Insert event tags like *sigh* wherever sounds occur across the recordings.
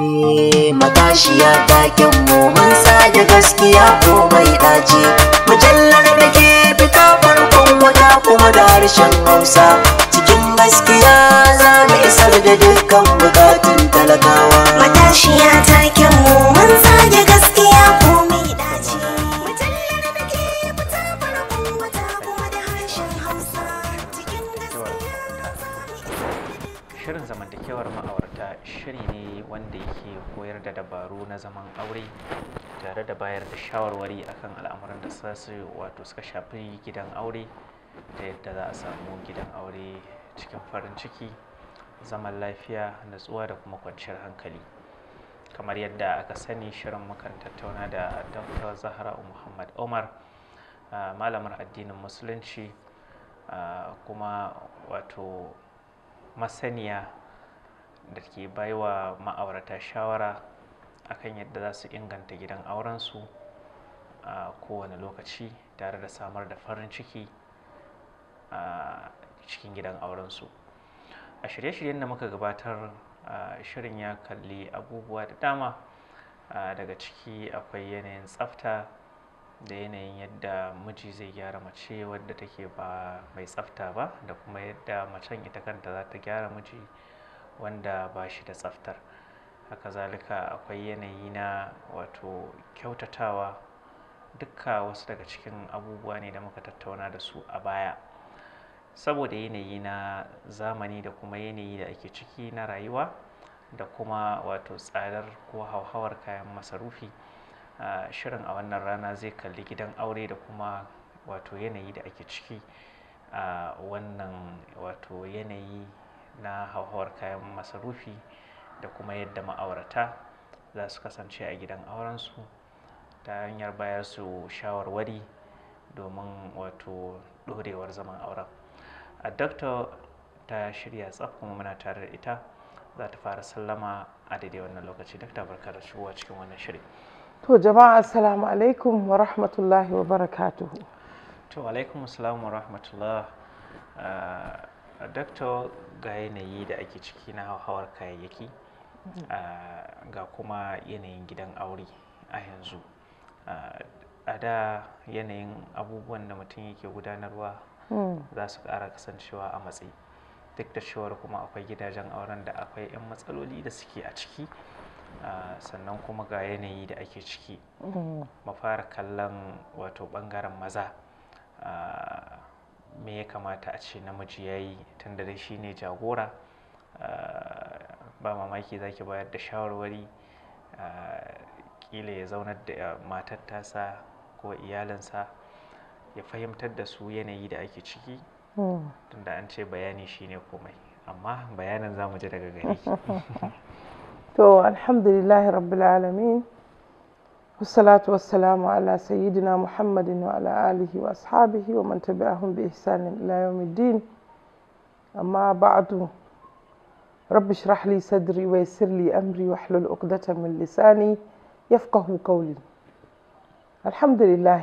Eh, matashiya taken mu mun da gaskiya ko mai dace mujallar da ke fita farkon wata kuma da harshen hausa cikin gaskiya za mu isar da dukkan bukatun talakawa matashiya taken mu mun da gaskiya ko wanda yake koyar da dabaru na zaman aure tare da bayar da shawarwari akan al'amuran da sa su wato suka shafi gidan aure da yadda za a samu gidan aure cikin farin ciki zaman lafiya natsuwa da kuma kwanciyar hankali kamar yadda aka sani shirin mukan tattauna da dr zahra muhammad omar malamar addinin musulunci kuma wato masaniya da ke baiwa ma'aurata shawara akan yadda za su inganta gidan aurensu a kowane lokaci tare da samar da farin ciki a cikin gidan aurensu a shirye-shiryen da muka gabatar shirin ya kalli abubuwa da dama daga ciki akwai yanayin tsafta da yanayin yadda miji zai gyara mace wadda take ba mai tsafta ba da kuma yadda macen ita kanta za ta gyara miji wanda ba shi da tsaftar haka zalika akwai yanayi na wato kyautatawa dukka wasu daga cikin abubuwa ne da muka tattauna da su a baya saboda yanayi na zamani da kuma yanayi da ake ciki na rayuwa da kuma wato tsadar ko hauhawar kayan masarufi shirin a wannan rana zai kalli gidan aure da kuma wato yanayi da ake ciki a wannan wato yanayi na hauhawar kayan masarufi da kuma yadda ma'aurata za su kasance a gidan aurensu ta hanyar bayar su shawarwari domin wato ɗorewar zaman auren a doktor ta shirya tsaf kuma muna tare da ita za ta fara sallama a daidai wannan lokaci dokta barka da shigowa cikin wannan shirin. to jama'a assalamu alaikum wa rahmatullahi wa barakatuhu to alaikum assalamu wa rahmatullahi. Ah, doctor ga yanayi da ake ciki na hauhawar kayayyaki mm-hmm. ga kuma yanayin gidan aure a yanzu a da yanayin abubuwan da mutum yake gudanarwa mm. za su kara kasancewa a matsayi duk da cewar kuma akwai gidajen auren da akwai 'yan matsaloli da suke a ciki sannan kuma ga yanayi da ake ciki mafara mm-hmm. kallon wato bangaren maza me ya kamata a ce namiji ya yi tunda dai shi ne jagora ah, ba mamaki za ki bayar da shawarwari kila ah, ya zaunar da matar tasa ko iyalinsa ya fahimtar da su yanayi da ake ciki oh. tunda an ce bayani shi ne komai amma bayanin za mu ji daga gari *laughs* to alhamdulillahi rabbil alamin wasalatu wassalamu ala sayidina muhammadin wa ala alihi wa ashabihi wa man tabi'ahum bi ihsanin ila yawmiddin amma ba'adu, rabbi shrah li sadri wa yassir amri wa hlul uqdatan min lisani yafqahu qawli alhamdulillah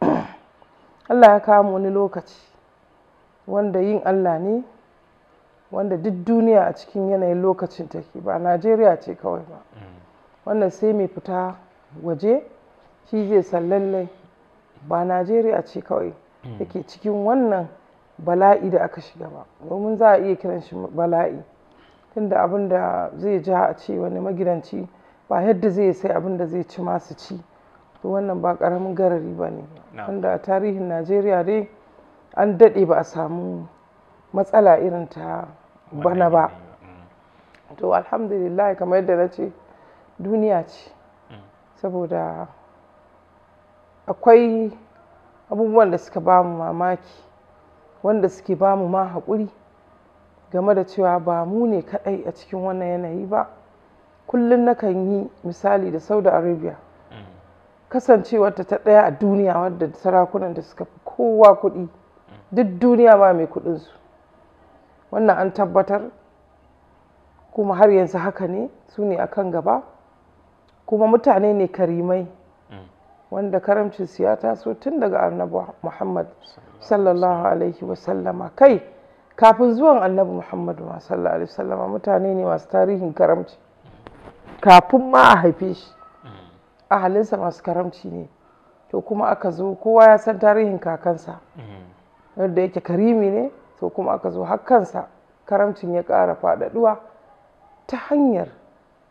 *clears throat* Allah ya kawo wani lokaci wanda yin Allah ne wanda duk duniya a cikin yanayin lokacin take ba Najeriya ce kawai ba mm. wannan sai mai fita waje shi zai san lallai ba najeriya ce kawai yake hmm. cikin wannan bala'i da aka shiga ba domin za a iya kiran shi bala'i tunda abin da zai ja a ce wani magidanci ba yadda zai sai abin da zai ci masu ci to wannan ba karamin garari ba ne wanda a tarihin najeriya dai an daɗe ba a samu matsala irin ta bana ba hmm. to alhamdulillah kamar yadda na ce duniya ce saboda akwai abubuwan da suka bamu mamaki wanda suke bamu mu ma haƙuri game da cewa ba mu ne kaɗai a cikin wannan yanayi ba kullum nakan yi misali da saudi arabia mm. kasancewarta ta ɗaya a duniya wadda sarakunan da suka fi kowa kuɗi mm. duk duniya ba mai kuɗinsu wannan an tabbatar kuma har yanzu haka ne su ne kan gaba kuma mutane ne karimai mm. wanda karamcinsu ya taso tun daga annabi muhammad sallallahu alaihi wasallama kai kafin zuwan annabi muhammadu sallallahu alaihi wasallama mutane ne masu tarihin karamci kafin ma a haife shi mm. ahalinsa masu karamci ne to kuma aka zo kowa ya san tarihin kakansa yadda mm. yake karimi ne to kuma aka zo hakkansa karamcin ya ƙara faɗaɗuwa ta hanyar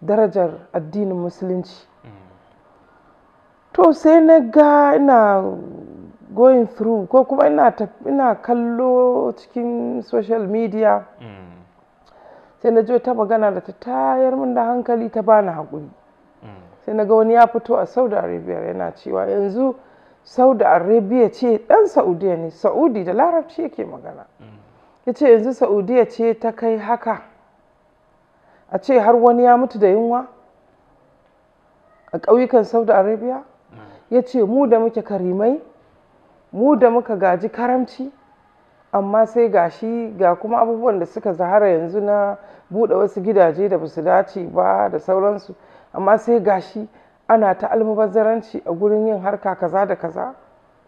darajar addinin musulunci mm. to sai na ga ina going through ko kuma ina, ina kallo cikin social media mm. sai na ji ta magana da ta tayar min da hankali ta bani haƙuri mm. sai na ga wani ya fito a saudi arabia yana cewa yanzu saudi arabia ce ɗan saudiya ne saudi da larabci yake magana ya ce yanzu saudiya ce ta kai haka a ce har wani ya mutu da yunwa a ƙauyukan saudi arabia mm. ya ce mu da muke karimai mu da muka gaji karamci amma sai ga shi ga kuma abubuwan da suka zahara yanzu na buɗe wasu gidaje da ba su dace ba da sauransu amma sai ga shi ana ta almubazzaranci a gurin yin harka kaza da kaza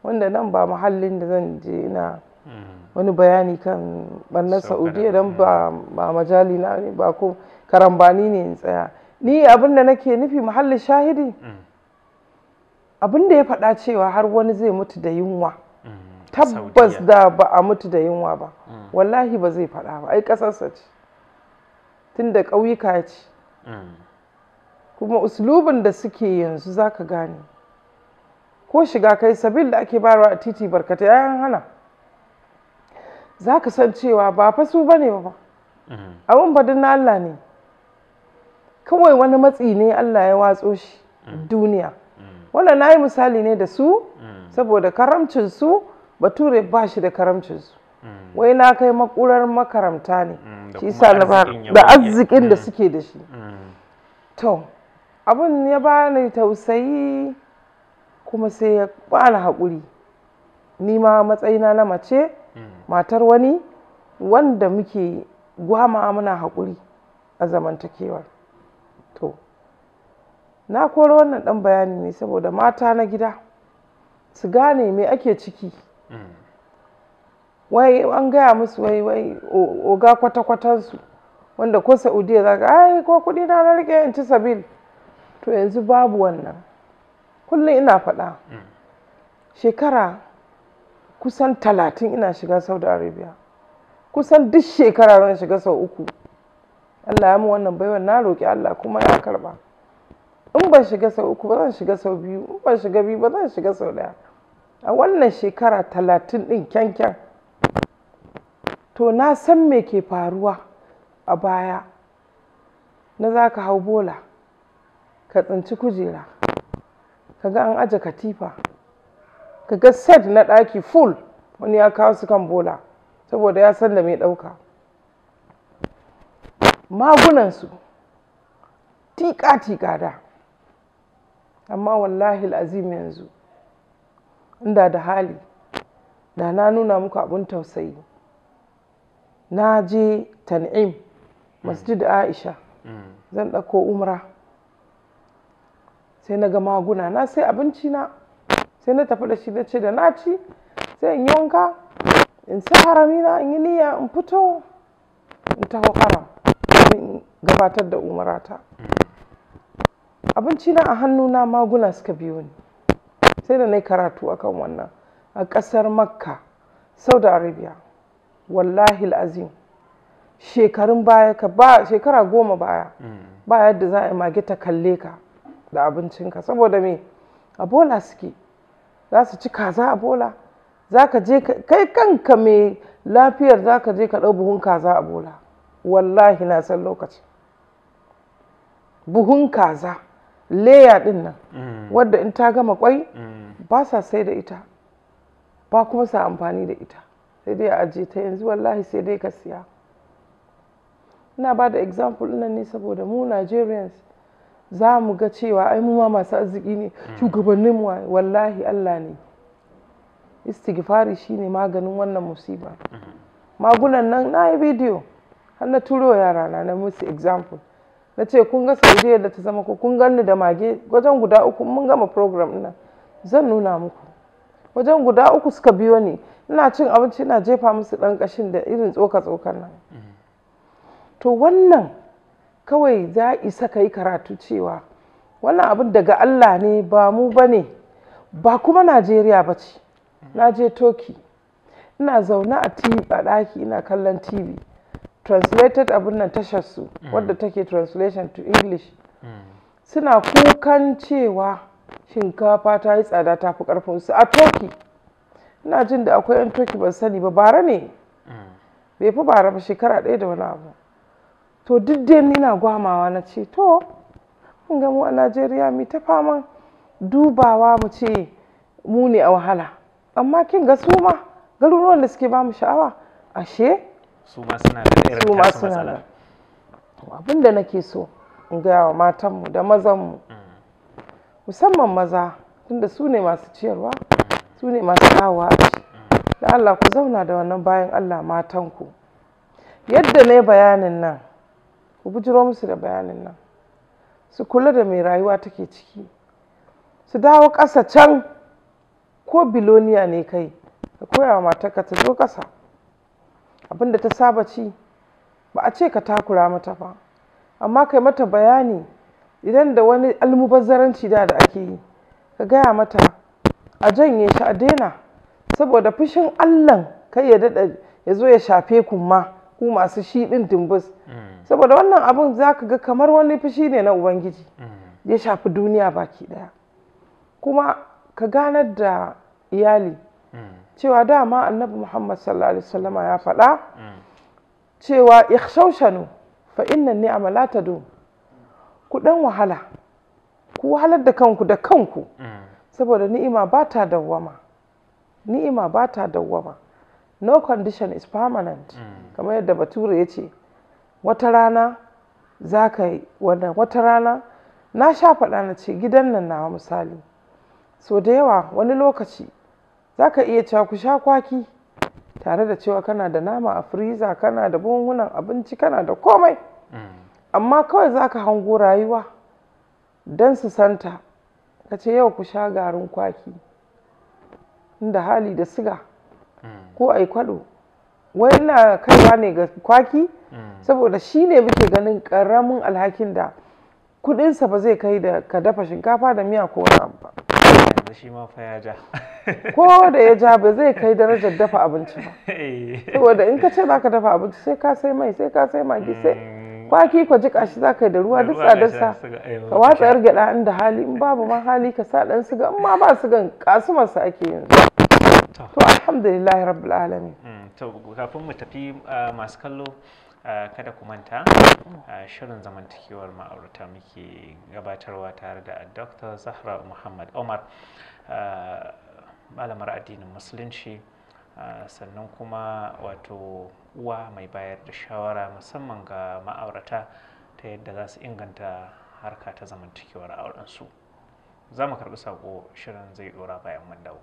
wanda nan ba muhallin da zan je na mm. wani bayani kan ɓarnar saudiya don mm. ba majali ne ba ko karambani ne in tsaya ni abin da nake nufi muhalli shahidi abin da ya faɗa cewa har wani zai mutu da yunwa mm, tabbas da ba a mutu da yunwa ba mm. wallahi ba zai faɗa ba ai ƙasarsa ce tun da ƙauyuka ce mm. kuma uslubin da suke yanzu za ka gane ko shiga kai sabil da ake bayarwa a titi barkata yayan hana za ka san cewa ba fa su ba ne ba abin ba na Allah ne kawai wani matsi ne Allah ya watso shi mm. duniya mm. wannan na yi misali ne da su mm. saboda karamcinsu bature ba shi da karamcinsu wai na kai makurar makaramta ne shi sa ba da arzikin da suke da shi to abin ya bani tausayi kuma sai ya bani haƙuri ni ma matsayina na mace matar wani wanda muke gwama muna haƙuri a zamantakewar to na koro wannan dan bayani ne saboda mata na gida su gane me ake ciki mm. wai an gaya musu wai wai oga kwata-kwatansu wanda ko saudiya za ka ai ko kuɗi na na rike in ci sabil to yanzu babu wannan kullum ina faɗa mm. shekara kusan talatin ina shiga saudi arabia kusan duk shekara ran shiga sau uku Allah ya mu wannan baiwar na roƙi Allah kuma ya karba in ban shiga sau uku ba zan shiga sau biyu in ban shiga biyu ba zan shiga sau ɗaya a wannan shekara talatin ɗin kyankyan to na san me ke faruwa a baya na za ka hau bola ka tsinci kujera ka ga an aje katifa ka ga set na ɗaki full wani ya kawo su kan bola saboda ya san da mai ɗauka magunansu tika-tika da amma wallahi azim yanzu inda da hali da na nuna muku abin tausayi na je tan'im masjid aisha zan ɗauko umra sai na ga maguna na sai abinci na sai na tafi da shi na ce da na ci sai in yi wanka in sa haramina, in yi niyya in fito in taho haram gabatar da umarata abinci na a hannuna maguna suka biyo ni sai da na yi karatu akan wannan a ƙasar makka saudi arabia wallahi azim shekarun baya ka ba shekara goma baya ba yadda za a mage ta kalle ka da abincinka saboda me a suke za su ci kaza a za ka je kai kanka mai lafiyar za ka je ka ɗau buhun kaza a bola wallahi na san lokaci buhun kaza leya din nan mm. wadda in ta gama kwai mm. ba sa sai da ita ba kuma sa amfani da ita sai dai a ajiye ta yanzu wallahi sai dai ka siya ina ba da example nan ne saboda mu nigerians za mu ga cewa ai mu ma masu arziki ne mm. shugabannin mu wallahi allah ne istighfari shine maganin wannan musiba mm-hmm. magunan nan na yi bidiyo har na turo yara na na musu example na ce kun ga saudiya da ta zama ku? kun ganni da mage wajen guda uku mun gama program ina. zan nuna muku wajen guda uku suka biyo ni ina cin abinci ina jefa musu ɗan ƙashin da irin tsoka-tsokan nan to wannan kawai za isa ka yi karatu cewa wannan abin daga allah ne ba mu ba ne ba kuma najeriya ba ce na je toki ina zaune a ɗaki ina kallon tv translated abin nan tashar su mm. wadda take translation to english mm. suna kukan cewa shinkafa ta yi tsada ta fi karfin su a toki ina jin da akwai yan toki ban sani ba bara ne mm. bai fi bara ba shekara ɗaya da wani abu to duk dai nina gwamawa na ce to mun ga mu a najeriya mu ta fama dubawa mu ce mu ne a wahala amma kin ga su ma garuruwan da suke ba mu sha'awa ashe su suna da irin abin da nake so in gaya wa matanmu da mazanmu mm. musamman maza tunda su ne masu ciyarwa mm. su ne masu kawowa mm. da Allah ku zauna da wannan bayan Allah matanku yadda na bayanin nan ku bujiro musu da bayanin nan su kula da mai rayuwa take ciki su dawo ƙasa can ko biloniya ne kai ka koya wa matarka ta zo ƙasa abin da ta saba ci ba a ce ka takura mata ba amma kai mata bayani idan da wani almubazzaranci da da ake yi ka gaya mata a janye shi a daina saboda fushin allan kai ya daɗa ya zo ya shafe ku ma ku masu shi ɗin dimbus mm. saboda wannan abin za ka ga kamar wani fushi ne na ubangiji mm. ya shafi duniya baki ɗaya kuma ka ganar da iyali mm. cewa dama annabi muhammad sallallahu alaihi wasallama ya faɗa mm. cewa ikhshawshanu fa inna ni'ama la tadu ku dan wahala ku wahalar da kanku da kanku mm. saboda ni'ima ba ta dawwama ni'ima ba ta dawwama no condition is permanent mm. kamar yadda bature ya ce wata rana za ka yi wannan wata rana na sha faɗa na ce gidan nan nawa misali so da yawa wani lokaci za ka iya cewa ku sha kwaki tare da cewa kana da nama a firiza kana da buhunhunan abinci kana da komai mm. amma kawai za ka hango rayuwa don su santa ka ce yau ku sha garin kwaki Nda hali da siga mm. ko a yi kwaɗo wai na kaiwa ne ga kwaki mm. saboda shi ne muke ganin ƙaramin alhakin da kuɗinsa ba zai kai da ka dafa shinkafa da miya ko wani abu ba yanzu shi ma fa ya ja *laughs* ko da ya ja ba zai kai darajar dafa abinci ba eh. saboda in ka ce za ka dafa abinci sai ka sai mai sai ka sai magi sai mm. kwaki ka jika shi za ka yi da ruwa duk dasa eh, ka watsa yar gyaɗa inda hali in babu ma hali ka sa ɗan siga in ma ba sigan kasumarsa ake yanzu to alhamdulillah rabbil alamin mm, to kafin mu tafi ah, masu kallo ah, kada ku manta ah, shirin zamantakewar ma'aurata muke gabatarwa tare da dr zahra muhammad omar malamar addinin musulunci sannan kuma wato uwa mai bayar da shawara musamman ga ma'aurata ta yadda za su inganta harka ta zamantakewar aurensu za mu karɓi sako shirin zai ɗora bayan mun dawo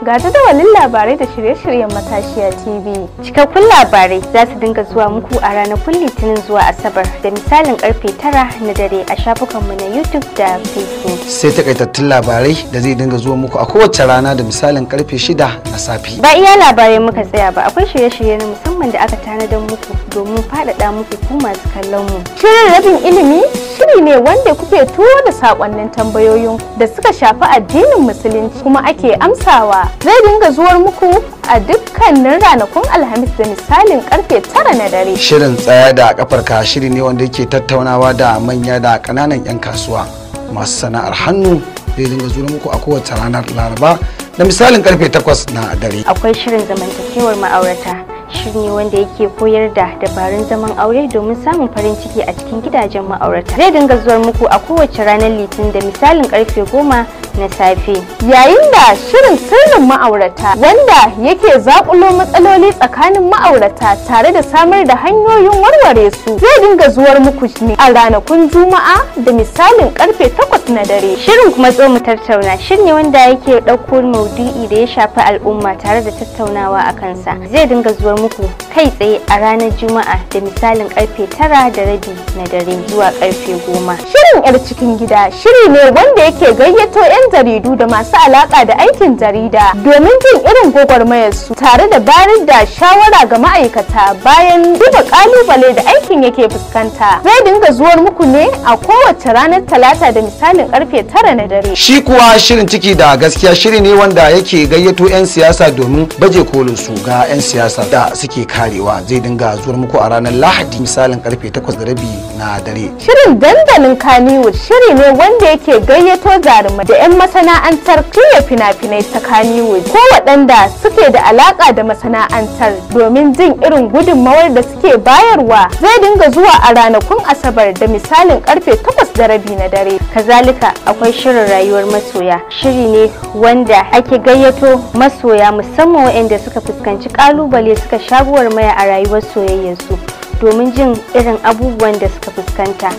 Ga jadawalin labarai da shirye-shiryen matashiya TV. Cikakkun labarai za su dinga zuwa muku a ranakun Litinin zuwa Asabar da misalin karfe tara na dare a shafukanmu na YouTube da Facebook. Sai takaitattun labarai da zai dinga zuwa muku a kowace rana da misalin karfe shida na safe. Ba iya labarai muka tsaya ba akwai shirye-shirye na musamman da aka tanadar muku domin faɗaɗa muku ku masu kallon mu. Shirin rabin ilimi shiri ne wanda kuke tuwo da sakonnin tambayoyin da suka shafi addinin musulunci kuma ake amsawa zai dinga zuwar muku a dukkanin ranakun alhamis da misalin karfe tara na dare shirin tsaya da kafar ka shiri ne wanda yake tattaunawa da manya da kananan 'yan kasuwa masu sana'ar hannu zai dinga zuwa muku a kowace ranar laraba da misalin karfe takwas na dare akwai shirin zamantakewar ma'aurata shiri ne wanda yake koyar da dabarun zaman aure domin samun farin ciki a cikin gidajen ma'aurata. Zai dinga zuwar muku a kowace ranar Litinin da misalin karfe goma na safe. Yayin da shirin sirrin ma'aurata wanda yake zaƙulo matsaloli tsakanin ma'aurata tare da samar da hanyoyin warware su zai dinga zuwar muku ne a ranakun Juma'a da misalin karfe takwas na dare. Shirin kuma zo mu tattauna shirin ne wanda yake ɗauko maudu'i da ya shafi al'umma tare da tattaunawa a kansa. Zai dinga zuwar muku kai tsaye a ranar Juma'a da misalin karfe tara da rabi na dare zuwa karfe goma. Shirin 'yar cikin gida shiri ne wanda yake gayyato 'yan jaridu da masu alaka da aikin jarida domin jin irin gwagwarmayarsu tare da bayar da shawara ga ma'aikata bayan duba kalubale da aikin yake fuskanta. Zai dinga zuwar muku ne a kowace ranar talata da misalin karfe tara na dare. Shi kuwa shirin ciki da gaskiya shiri ne wanda yake gayyato 'yan siyasa domin baje kolin su ga 'yan siyasa da suke karewa zai dinga zuwa muku a ranar lahadi misalin karfe 8:30 na dare shirin dandalin kaniwood shiri ne wanda yake gayyato zaruma da 'yan masana'antar shirya fina-finai ta kaniwood ko waɗanda suke da alaƙa da masana'antar domin jin irin gudunmawar da suke bayarwa zai dinga zuwa a ranakun asabar da misalin karfe 8:30 da rabi na dare kazalika akwai shirin rayuwar masoya shiri ne wanda ake gayyato masoya musamman waɗanda suka fuskanci ƙalubale suka shagowar maya a rayuwar su domin jin irin abubuwan da suka fuskanta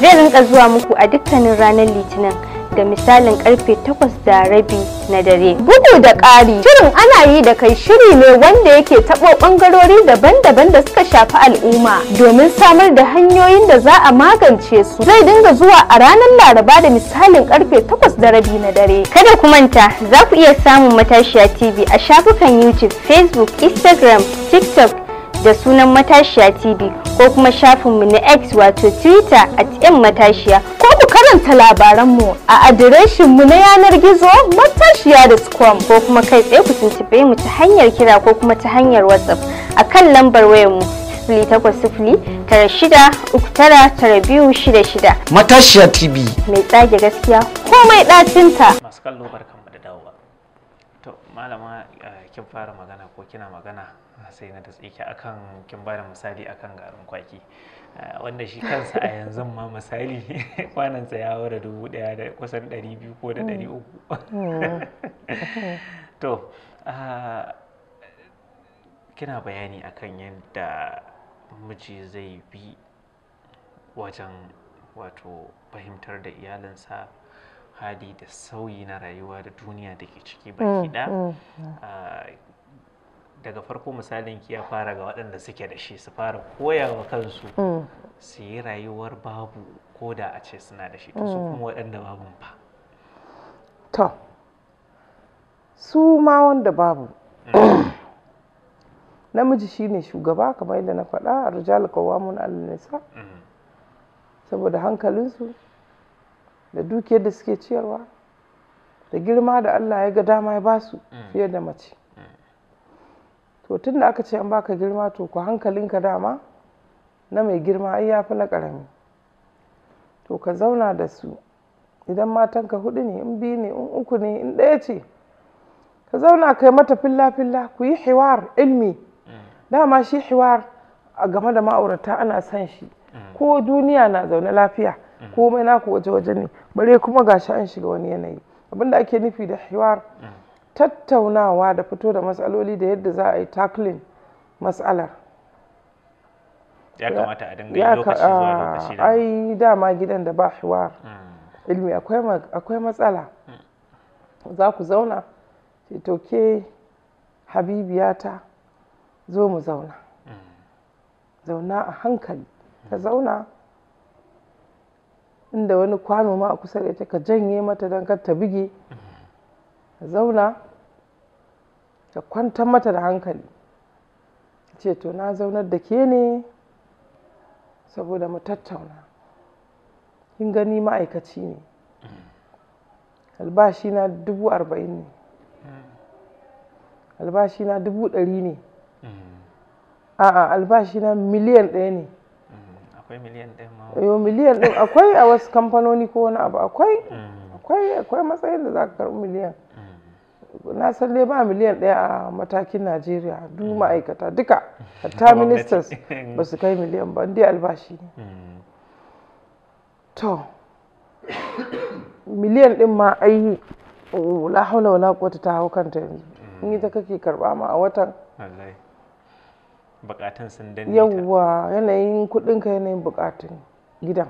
zai rinka zuwa muku a dukkanin ranar litinin da misalin karfe 8 da rabi na dare. Bugu da ƙari, shirin ana yi da kai shiri ne wanda yake taɓo ɓangarori daban-daban da suka shafi al'umma domin samar da hanyoyin da za a magance su. Zai dinga zuwa a ranar Laraba da misalin karfe 8 da rabi na dare. Kada ku manta, za ku iya samun Matashiya TV a shafukan YouTube, Facebook, Instagram, TikTok da sunan Matashiya TV. ko kuma shafinmu na X wato Twitter at ‘yan matashiya ko ku karanta labaranmu a adireshinmu na yanar gizo matashiya da squam ko kuma kai tsaye ku tuntube mu ta hanyar kira ko kuma ta hanyar WhatsApp a kan lambar wayarmu sifili takwas sifili tara shida uku tara tara biyu shida shida. Matashiya TV. Mai tsage gaskiya komai ɗacinta. Masu kallo barkanmu da dawowa. To malama kin fara magana ko kina magana sai na da tsike akan kin bada misali akan garin kwaki eh, wanda shi kansa a yanzu ma misali *laughs* kwanansa ya wara dubu daya da kusan ɗari biyu ko da ɗari uku *laughs* to ah, kina bayani akan yadda miji zai bi wajen wato fahimtar da iyalinsa hali da sauyi na rayuwa da duniya da ke ciki mm, baki da mm, ah, mm. daga farko misalin ki ya fara ga waɗanda suke da shi su fara koyawa kansu su yi rayuwar babu ko da a ce suna da shi to su kuma waɗanda babu fa to su ma wanda babu *clears throat* namiji shine shugaba kamar yadda na faɗa a rijal kawamun al nisa saboda hankalinsu da dukiyar da suke ciyarwa da girma da Allah ya ga dama ya basu mm. fiye da mace mm. to tun da aka ce an baka girma to ku hankalinka dama na mai girma ai fi na ƙarami to ka zauna da su idan matanka hudu ne in biyu ne in uku ne in ɗaya ce ka zauna kai mata filla-filla ku yi hiwar ilmi mm. dama shi hiwar a game da ma'aurata ana son shi ko duniya na zaune lafiya Mm. komai naku waje waje ne bare kuma gashi an shiga wani yanayi abinda ake nufi da hiwar mm. tattaunawa da fito da matsaloli da yadda za a yi tackling matsalar ya kamata a dinga lokaci zuwa lokaci ai dama gidan da ba hiwar mm. ilmi akwai matsala za ku zauna ke toke habibiyata zo mu zauna zauna a hankali ka zauna inda wani kwano ma a kusa da ita ka janye mata don kar ta bige ka zauna ka kwantar mata da hankali ce to na zaunar da ke ne saboda mu tattauna kin gani ma'aikaci ne albashi na dubu arba'in ne albashi na dubu ɗari ne hmm. a'a albashi na miliyan ɗaya ne akwai miliyan ɗin ma akwai a wasu kamfanoni ko wani abu akwai mm. akwai akwai matsayin da za ka karɓi miliyan mm. na san dai ba miliyan ɗaya a matakin najeriya duk mm. ma'aikata duka *laughs* hatta ministers ba su kai miliyan ba dai albashi ne to miliyan ɗin ma ai la haula wala quwwata ta hau kanta yanzu in ita kake karɓa ma a watan bukatun sun danne yawwa yanayin kuɗinka yanayin bukatun gidan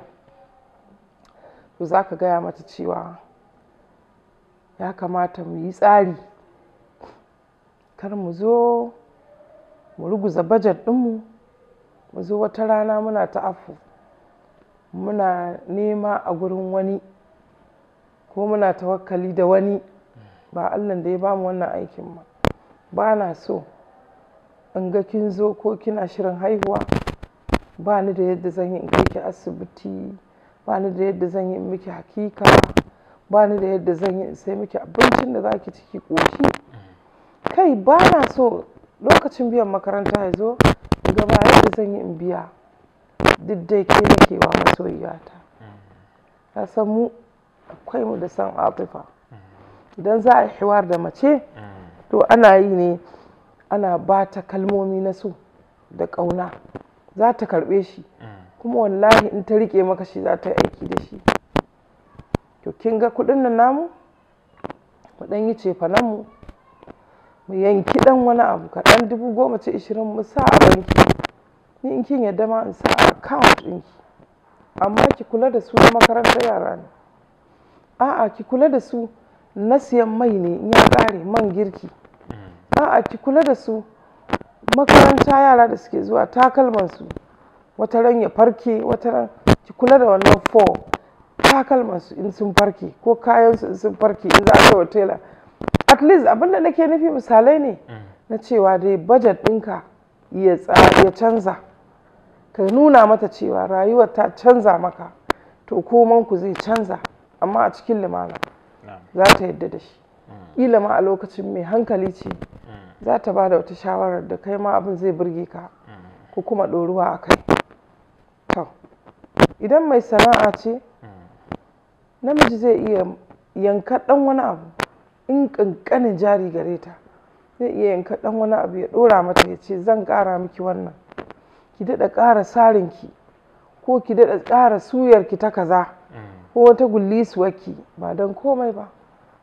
to za ka gaya mata cewa ya kamata mu yi tsari kar mu zo mu ruguza bajet ɗinmu mu zo wata rana muna ta afu muna nema a gurin wani ko muna tawakkali da wani ba allah da ya bamu wannan aikin ba ba na so in ga kin zo ko kina shirin haihuwa ba ni da yadda zan yi in kai ki asibiti ba ni da yadda zan yi in miki hakika ba ni da yadda zan yi in sai miki abincin da za ki ciki ƙoshi kai ba na so lokacin biyan makaranta ya zo ga ba yadda zan yi in biya duk dai ke nake wa masoyiyata ta san mu akwai mu da san afifa idan za a hiwar da mace to ana yi ne ana ba ta kalmomi na so da ƙauna za ta karɓe shi kuma wallahi in ta riƙe maka shi za ta yi aiki da shi to kin ga kuɗin nan namu mu ɗan yi mu mu yanki ɗan wani abu kaɗan dubu goma ce ishirin mu sa a banki ni in kin yadda ma in sa a account ɗinki amma ki kula da su na makarantar yara ne a'a ki kula da su na siyan mai ne in ya ƙare man girki a'a ki kula da su makaranta yara da suke zuwa takalmansu wata ran ya farke wata ran ki kula da wannan fo takalmansu in sun farke ko kayansu in sun farke in za a kai wa tela at least abinda nake nufi misalai ne na cewa dai budget ɗinka ya canza ka nuna mata cewa rayuwar ta canza maka to ku zai canza amma a cikin limana za ta yadda da shi ƙila mm. ma a lokacin mai hankali ce za ta ba da wata shawarar da kai ma abin zai burge ka ko kuma ɗoruwa a kai to idan mai sana'a ce namiji zai iya yanka ɗan wani abu in ƙanƙanin jari gare ta zai iya yanka ɗan wani abu ya ɗora mata ya ce zan ƙara miki wannan ki daɗa ƙara sarinki ko ki daɗa ƙara suyar ki ta kaza ko wata gullisuwarki ba don komai ba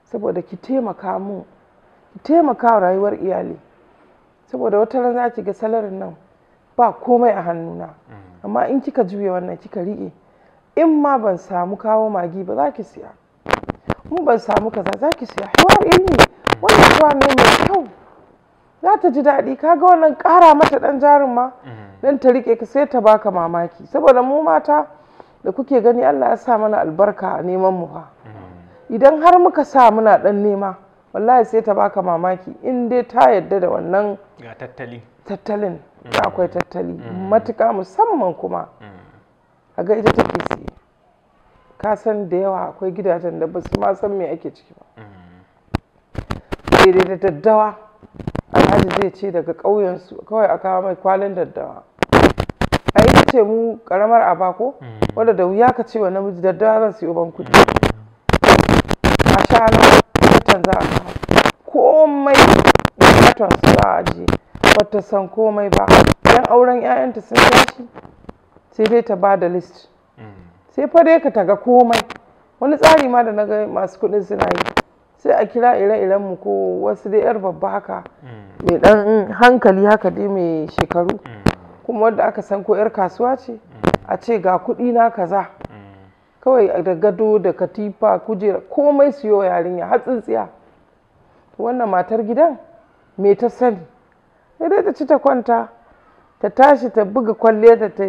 saboda ki taimaka mu taimaka rayuwar iyali saboda wata ran za ki ga salarin nan ba komai a hannuna mm. amma in kika juya wannan kika riƙe in ma ban samu kawo magi ba za ki siya mu ban samu kaza za ki siya hawar ilmi eh wani kuwa ne mai kyau za ta ji daɗi kaga wannan ƙara mata ɗan jarin ma mm. don ta riƙe ka sai ta baka mamaki saboda mu mata da kuke gani Allah ya sa mana albarka a neman mu fa mm. idan har muka sa muna ɗan nema wallahi sai ta baka mamaki in dai ta yadda da wannan tattalin mm. da akwai tattali mm. matuka musamman kuma mm. a ga ita take siye ka san da yawa akwai gidajen da basu ma san me ake ciki ba da daddawa alhaji zai ce daga ƙauyensu kawai a kawo mai kwalin daddawa a yi ce mu karamar abako wadda da wuya ka ce wa namiji daddawa zan siyo ban kudi a sha na za a komai bukatarsu za a je ba san komai ba yan auren 'ya'yanta sun tashi sai dai ta ba da list mm. sai fa dai ka taga komai wani tsari ma da na ga masu kuɗin suna yi sai a kira ire-iren mu ko wasu dai yar babba haka mm. mai dan hankali haka dai mai shekaru mm. kuma wadda aka san ko yar kasuwa ce a ce ga kuɗi na kaza kawai da gado da katifa kujera komai siyo yarinya har tsintsiya wannan matar gidan me ta sani dai ta ci ta kwanta ta tashi ta buga kwalle ta ta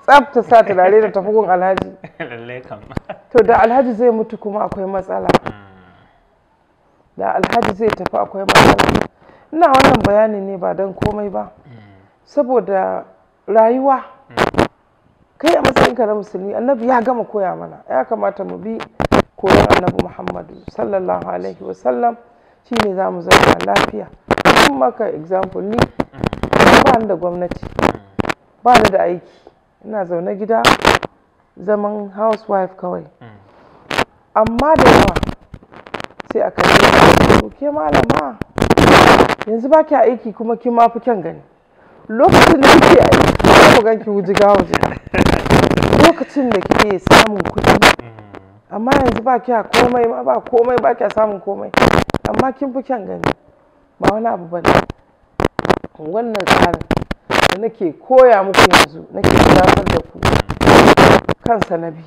sa ta sa da tafukun alhaji *laughs* to da alhaji zai mutu kuma akwai matsala hmm. da alhaji zai tafi akwai matsala ina wannan bayani ne ba don komai ba hmm. saboda rayuwa hmm. kai a matsayinka na musulmi annabi ya gama koya mana ya kamata mu bi koyon annabi muhammadu sallallahu alaihi wasallam ne za mu zauna lafiya in maka example ni ba ni da gwamnati ba ni da aiki ina zaune gida zaman housewife kawai amma da yawa sai a kalli to ke malama yanzu ba ki aiki kuma kin ma fi kyan gani lokacin da kike aiki ko ku ki wuji gawo lokacin da kike samun kuɗi amma yanzu ba kya komai ma ba komai ba ki samun komai amma kin fi kyan gani ba wani abu ba wannan tsarin da nake koya muku yanzu nake gudanar da ku kansa na bi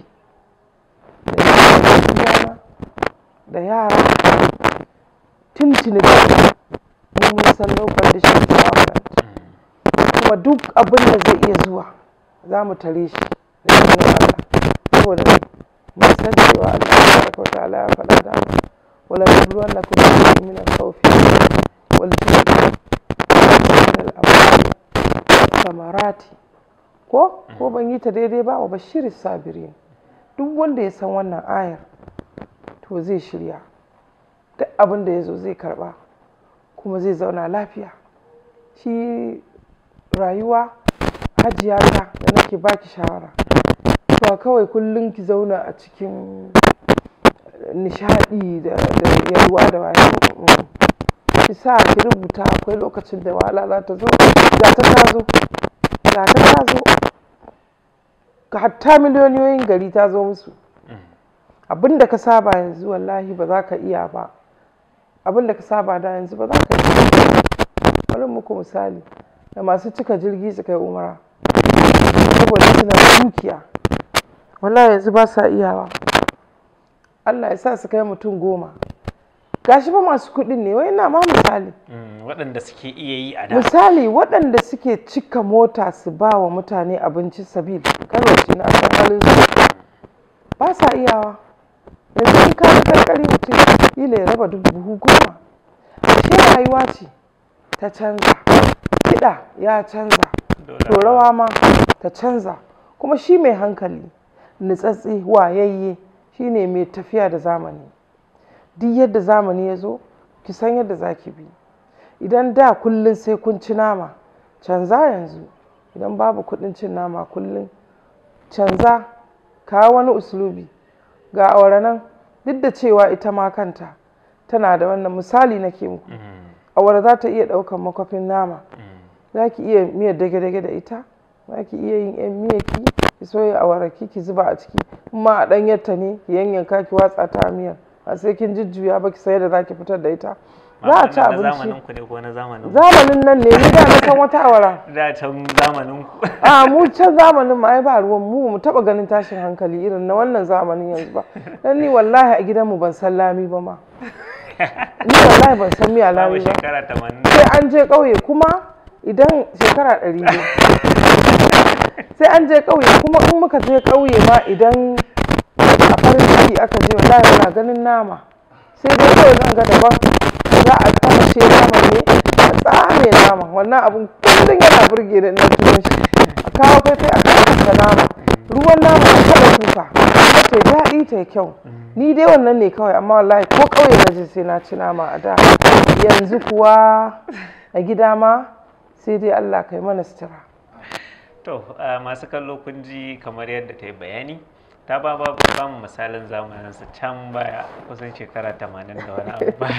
da yara tuntuni mun san no condition kuma duk abin da zai iya zuwa za mu tare shi da saboda mun san cewa Allah ya faɗa da mu ولنبلونكم بشيء من الخوف والجوع من الأموال والثمرات ko ko ban yi ta daidai ba wa bashirin sabirin duk wanda ya san wannan ayar to zai shirya duk abin da ya zo zai karba kuma zai zauna lafiya shi rayuwa hajiyata da nake baki shawara ba kawai kullum ki zauna a cikin nishaɗi da yalwa da waye ki mm. sa ki rubuta akwai lokacin da wahala za ta zo ga ta ta zo ga ta ta zo hatta miliyoniyoyin gari ta zo musu mm. abin da ka saba yanzu wallahi ba za ka iya ba abin da ka saba da yanzu ba za ka iya wani muku misali da masu cika jirgi su kai umara saboda suna dukiya wallahi yanzu ba sa iyawa Allah ya sa su kai mutum goma gashi ba masu kuɗin ne wai na ma misali mm, waɗanda suke iya yi a misali waɗanda suke cika mota su ba wa mutane abinci sabil karwaci na akan halin su ba sa iyawa yanzu in ka karkari mutum ila ya raba dubu goma ashe rayuwa ce ta canza kiɗa ya canza to ma ta canza kuma shi mai hankali nutsatsi wayayye shine mai tafiya da zamani duk yadda zamani ya zo ki san yadda za ki bi idan da kullum sai kun ci nama canza yanzu idan babu kuɗin cin nama kullum canza kawo wani usulubi ga aure nan duk da cewa ita ma kanta tana da wannan misali nake muku mm. aure za ta iya ɗaukan makwafin nama mm. za ki iya miyar dage-dage da ita za ki iya yin 'yan miyaki ki soya awara ki ki zuba a ciki in ma a ɗanyarta ne ki yanyanka ki watsa ta miya. a sai kin jujjuya ba ki sai da za ki fitar da ita za a ci abinci zamanin ku ne ko na zamanin zamanin nan ne ni da na san wata awara *laughs* da can zamanin ku a mu can zamanin mu, ai ba ruwan mu mu taba ganin tashin hankali irin na wannan zamanin yanzu ba dan ni wallahi a gidanmu ban san lami ba ma *laughs* ni wallahi ban san miya lami ba shekara 80 sai an je kauye kuma idan shekara 100 ne sai an je ƙauye kuma in muka je ƙauye ma idan a farin ciki aka je wallahi na ganin nama sai dai kawai zan ga daban za a ce nama ne a tsame nama. wannan abun kullum yana burge da na tunan shi a kawo sai a kakasa nama ruwan nama a kada kuka ta daɗi ta kyau ni dai wannan ne kawai amma wallahi ko ƙauye na je sai na ci nama a da yanzu kuwa a gida ma sai dai Allah kai mana sutura to masu kallo kun ji kamar yadda ta yi bayani ta ba ba mu misalin zamaninsa can baya kusan shekara 80 da wani abu ba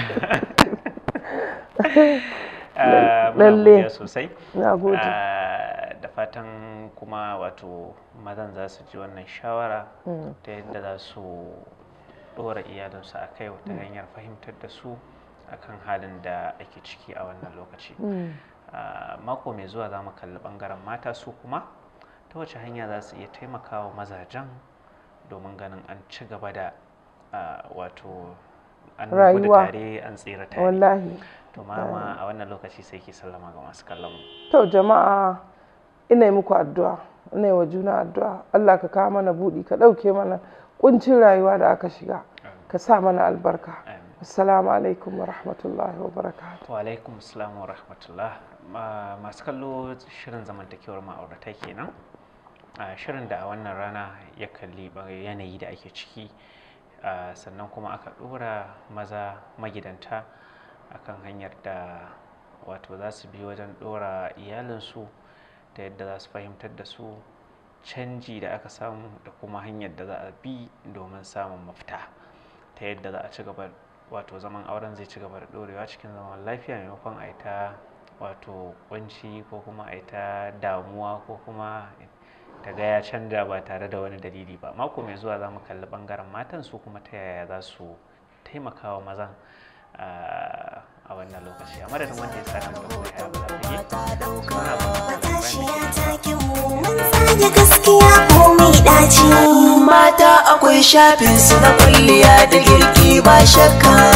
*laughs* lalle sosai da fatan kuma wato mazan za su ji wannan shawara hmm. ta yadda za su dora iyalinsu a kai wata hmm. hanyar fahimtar da su akan halin da ake ciki a wannan lokaci hmm. mako mai zuwa za mu kalli ɓangaren mata su kuma ta wace hanya za su iya taimakawa mazajen domin ganin an ci gaba da wato an gudu tare an tsira tare wallahi to mama a wannan lokaci sai ki sallama ga masu kallon mu to jama'a ina yi muku addu'a ina yi wa juna addu'a Allah ka kawo mana buɗi ka ɗauke mana kuncin rayuwa da aka shiga ka sa mana albarka assalamu alaikum wa rahmatullahi wa barakatuh wa alaikum assalamu wa rahmatullah masu kallo shirin zamantakewar ma'aurata kenan shirin da a wannan rana ya kalli yanayi da ake ciki sannan kuma aka dora maza magidanta akan hanyar da wato za su bi wajen dora iyalinsu da yadda za su fahimtar da su canji da aka samu da kuma hanyar da za a bi domin samun mafita ta yadda za a ci gaba wato zaman auren zai ci gaba da ɗorewa cikin zaman lafiya maimakon a ta wato kunci ko kuma a ta damuwa ko kuma ta gaya ya canja ba tare da wani dalili ba mako mai zuwa za mu kalli ɓangaren matan su kuma ta yaya za su taimakawa mazan ah, a wannan lokaci a madadin wanda ya sa kan farko ya abu da gaskiya ko mai daci mata akwai shafin su na kulliya da girki ba shakka